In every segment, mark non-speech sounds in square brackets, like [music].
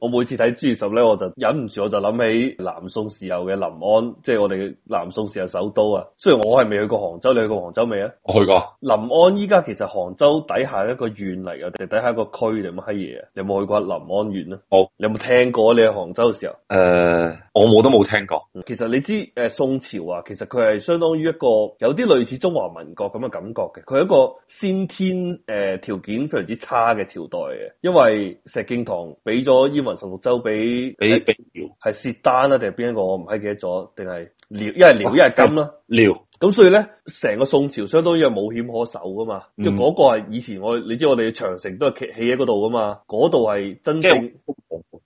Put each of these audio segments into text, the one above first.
我每次睇《朱實》咧，我就忍唔住，我就諗起南宋時候嘅臨安，即係我哋嘅南宋時候首都啊。雖然我係未去過杭州，你去過杭州未啊？我去過。臨安依家其實杭州底下一個縣嚟嘅，定底下一個區定乜閪嘢啊？你有冇去過臨安縣啊？好，你有冇聽過你去杭州嘅時候？誒、uh...。我冇都冇聽過、嗯。其實你知，誒、呃、宋朝啊，其實佢係相當於一個有啲類似中華民國咁嘅感覺嘅。佢一個先天誒、呃、條件非常之差嘅朝代嘅，因為石敬瑭俾咗燕雲十六州俾俾俾，係薛、啊、丹啦、啊，定係邊一個？我唔係記得咗，定係遼？一係遼，一係金啦、啊。遼，咁所以咧，成個宋朝相當於係冇險可守噶嘛。嗰、嗯、個係以前我，你知我哋長城都係企喺嗰度噶嘛。嗰度係真正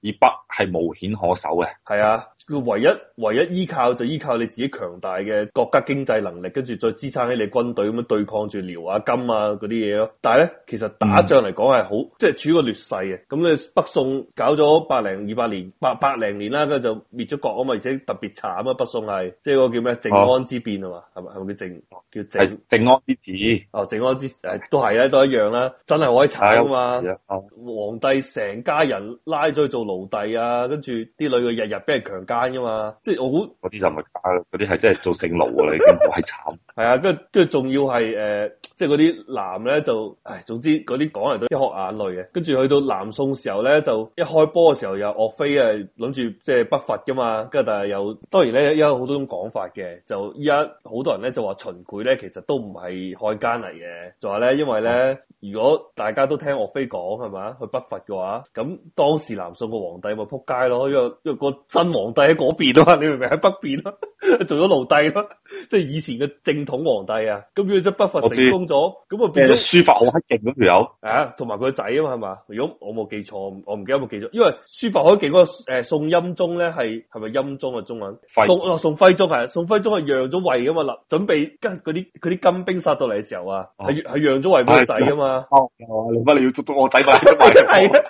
以北。係無險可守嘅，係啊！佢唯一唯一依靠就依靠你自己強大嘅國家經濟能力，跟住再支撐起你軍隊咁樣對抗住遼啊、金啊嗰啲嘢咯。但係咧，其實打仗嚟講係好，嗯、即係處個劣勢嘅、啊。咁你北宋搞咗百零二百年，百百零年啦，佢就滅咗國啊嘛，而且特別慘啊！北宋係即係嗰個叫咩靖安之變啊嘛，係咪係咪叫靖？叫靖安之子哦，靖安之誒都係咧，都、啊、都一樣啦、啊，真係可以慘啊嘛、哦！皇帝成家人拉咗去做奴隸啊！啊，跟住啲女嘅日日俾人強奸噶嘛，即係我估嗰啲就唔係假，嗰啲係真係做性奴噶啦已經，係慘。係啊，跟住跟住仲要係誒，即係嗰啲男咧就，唉、哎，總之嗰啲講嚟都一盒眼淚嘅。跟住去到南宋時候咧，就一開波嘅時，時候又岳飛啊諗住即係北伐噶嘛，跟住但係又當然咧，有好多種講法嘅。就依家好多人咧就話秦檜咧其實都唔係漢奸嚟嘅，就話咧因為咧。嗯如果大家都聽岳飛講係咪？去北伐嘅話，咁當時南宋個皇帝咪扑街咯，因為因為個真皇帝喺嗰邊啊嘛，你明唔明喺北邊啊？做咗奴弟咯，即係以前嘅正統皇帝啊。咁如果真北伐成功咗，咁啊變咗書法好黑勁嗰條友啊，同埋佢個仔啊嘛係嘛？如果我冇記錯，我唔記，記得冇記錯，因為書法好勁嗰個誒宋欽宗咧係係咪欽宗嘅中文？宋宋、哦、徽宗係，宋徽宗係讓咗位噶嘛，準準備跟嗰啲啲金兵殺到嚟嘅時候啊，係係讓咗位俾個仔啊嘛。哦，你乜你要捉到我睇埋，係啊，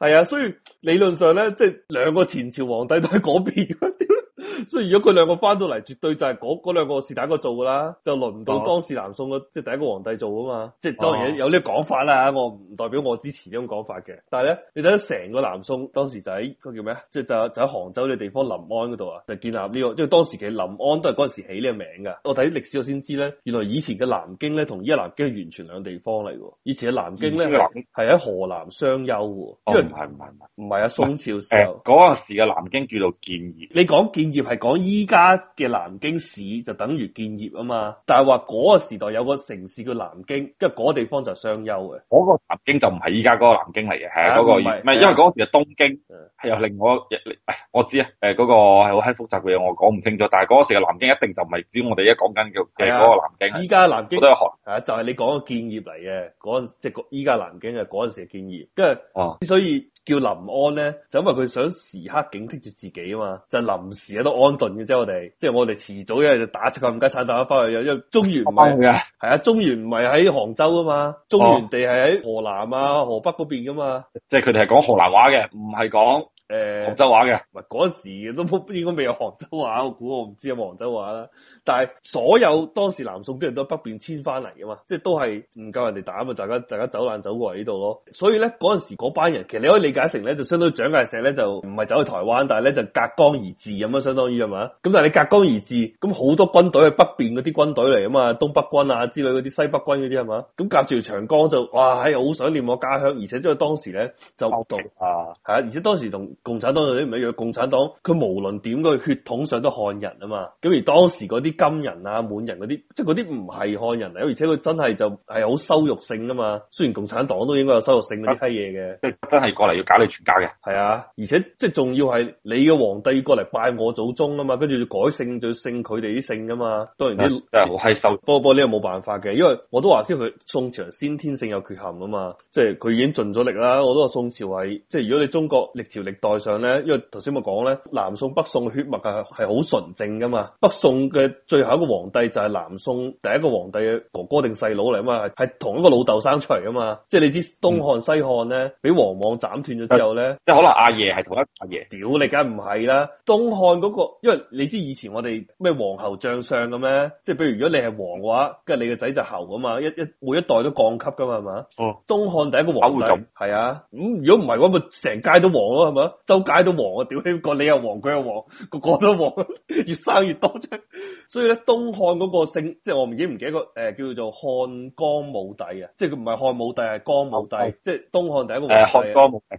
係 [laughs] 啊，所以理論上咧，即係兩個前朝皇帝都喺嗰邊。 [laughs] 所以如果佢兩個翻到嚟，絕對就係嗰嗰兩個是第一個做噶啦，就輪唔到當時南宋嘅、啊、即係第一個皇帝做啊嘛，即係當然有呢個講法啦。我唔代表我支持呢種講法嘅。但係咧，你睇成個南宋當時就喺個叫咩？即係就就喺杭州呢個地方臨安嗰度啊，就建立呢、這個。因為當時其實臨安都係嗰陣時起呢個名噶。我睇歷史我先知咧，原來以前嘅南京咧同依家南京係完全兩地方嚟。以前嘅南京咧係喺河南商丘，唔係唔係唔係啊？宋朝時候嗰陣、呃、時嘅南京叫做建業。你講建？建業係講依家嘅南京市就等於建業啊嘛，但係話嗰個時代有個城市叫南京，跟住嗰地方就係商丘嘅。嗰、那個南京就唔係依家嗰個南京嚟嘅，係、啊那個唔係，因為嗰、啊、時係東京，係、啊、又另外一日，我知啊，誒、那、嗰個係好閪複雜嘅嘢，我講唔清楚。但係嗰時嘅南京一定就唔係指我哋而家講緊嘅嘅嗰個南京。依家南京，都有學，就係、是、你講嘅建業嚟嘅嗰陣，即係依家南京嘅嗰陣時嘅建業，跟住哦，之所以叫臨安咧，就因為佢想時刻警惕住自己啊嘛，就臨、是、時。有得安頓嘅啫，我哋，即係我哋遲早一日就打出個唔該，散打翻去，因為中原唔係，係啊，啊，中原唔係喺杭州㗎嘛，中原地係喺河南啊、啊河北嗰邊噶嘛，即係佢哋係講河南話嘅，唔係講。誒、呃，杭州話嘅，唔係嗰陣時都應該未有杭州話，我估我唔知有冇杭州話啦。但係所有當時南宋啲人都北邊遷翻嚟啊嘛，即係都係唔夠人哋打啊嘛，大家大家走難走過嚟呢度咯。所以咧，嗰陣時嗰班人，其實你可以理解成咧，就相當於蔣介石咧就唔係走去台灣，但係咧就隔江而治咁樣，相當於係嘛？咁但係你隔江而治，咁好多軍隊係北邊嗰啲軍隊嚟啊嘛，東北軍啊之類嗰啲，西北軍嗰啲係嘛？咁隔住長江就哇，係、哎、好想念我家鄉，而且即係當時咧就同啊，係啊，而且當時同。共產黨嗰啲唔一樣，共產黨佢無論點佢血統上都漢人啊嘛，咁而當時嗰啲金人啊滿人嗰啲，即係嗰啲唔係漢人嚟，而且佢真係就係好羞辱性啊嘛，雖然共產黨都應該有羞辱性呢批嘢嘅，即係真係過嚟要搞你全家嘅，係啊，而且即係仲要係你嘅皇帝過嚟拜我祖宗啊嘛，跟住要改姓就要姓佢哋啲姓噶嘛，當然啲即係好係收，不過呢又冇辦法嘅，因為我都話叫佢宋朝先天性有缺陷啊嘛，即係佢已經盡咗力啦，我都話宋朝係即係如果你中國歷朝歷代。台上咧，因為頭先我講咧，南宋北宋嘅血脈係係好純正噶嘛。北宋嘅最後一個皇帝就係南宋第一個皇帝嘅哥哥定細佬嚟，啊嘛，係同一個老豆生出嚟噶嘛。即係你知東漢西漢咧，俾、嗯、王莽斬斷咗之後咧，即係可能阿爺係同一個阿爺。屌你梗唔係啦，東漢嗰、嗰個，因為你知以前我哋咩王侯將相嘅咩，即係譬如如果你係皇嘅話，跟住你嘅仔就侯啊嘛，一一,一每一代都降級噶嘛係嘛？哦。嗯、東漢第一個皇帝係啊，咁、嗯、如果唔係嘅話咪成街都皇咯係嘛？周街都黃啊！屌起個你又黃，佢又黃，個個都黃，越生越多啫。所以咧，東漢嗰個姓，即係我已經唔記得個誒，叫做漢江武帝啊。即係佢唔係漢武帝，係江武帝。Okay. 即係東漢第一個皇帝。誒，漢江武帝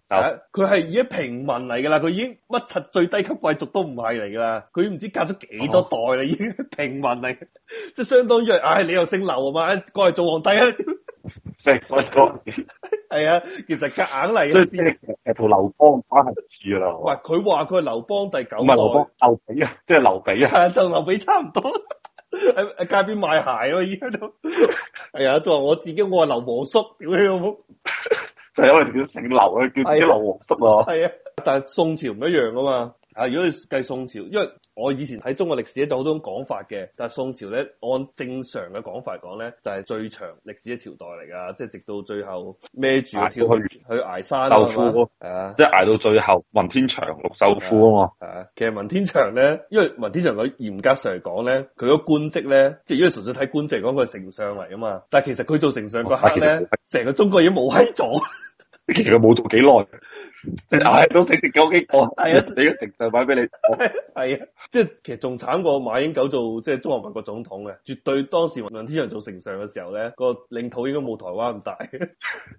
佢係、啊、已經平民嚟噶啦，佢已經乜柒最低級貴族都唔係嚟噶啦。佢唔知隔咗幾多代啦，已、oh. 經平民嚟。即係相當於，唉、哎，你又姓劉啊嘛，過嚟做皇帝啊！係，係啊，其實夾硬嚟先，誒，同劉邦打下就住啦。話佢話佢係劉邦第九代，唔係劉邦劉備啊，即係劉備啊，就劉備差唔多。喺 [laughs] 喺街邊賣鞋喎，而家都係啊，仲話、 [laughs] 啊、我自己我係劉皇叔，好好 [laughs] 就因為叫姓劉啊，叫自己劉皇叔啊。係 [laughs] 啊，啊，但係宋朝唔一樣噶嘛。啊！如果你計宋朝，因為我以前睇中國歷史咧，有好多種講法嘅。但係宋朝咧，按正常嘅講法嚟講咧，就係、是、最長歷史嘅朝代嚟噶。即、就、係、是、直到最後孭住去捱去挨山豆啊，即係挨到最後文天祥陸秀夫啊嘛、啊。其實文天祥咧，因為文天祥佢嚴格上嚟講咧，佢個官職咧，即係因為純粹睇官職嚟講，佢係丞相嚟噶嘛。但係其實佢做丞相嗰刻咧，成個中國已經冇喺咗。其實冇做幾耐。你挨到食食狗經，我啊！死食食就買俾你，係啊，即係其實仲慘過馬英九做即係中華民國總統嘅，絕對當時云文天祥做丞相嘅時候咧，個領土應該冇台灣咁大。 [laughs]